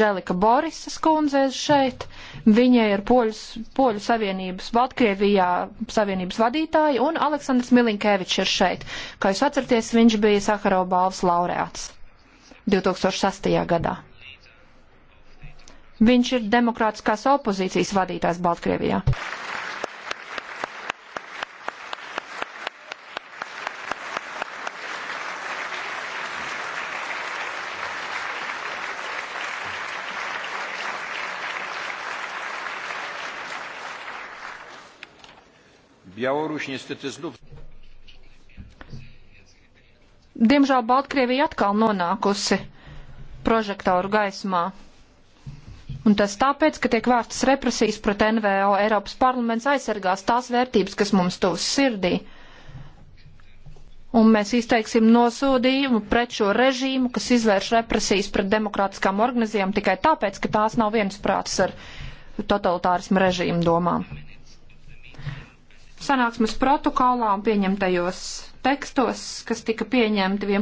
Dželika Borisas kundze šeit. Viņa ir Poļus, Poļu Savienības Baltkrievijā Savienības vadītāja un Aleksandrs Milinkēvičs ir šeit. Kā jūs atceraties, viņš bija Sakarau balvas laureāts 2006. gadā. Viņš ir demokrātiskās opozīcijas vadītājs Baltkrievijā. Białoruś niestety znów. Diemžēl Baltkrievija atkal nonākusi prožektoru gaismā. Un tas tāpēc, ka tiek vērstas represijas pret NVO. Eiropas parlaments aizsargās tās vērtības, kas mums tuvs sirdī. Un mēs izteiksim nosodījumu pret šo režīmu, kas izvērš represijas pret demokrātiskām organizācijām tikai tāpēc, ka tās nav viensprātas ar totalitārismu režīmu domām sanāksmes protokolā un pieņemtajos tekstos, kas tika pieņemti 11.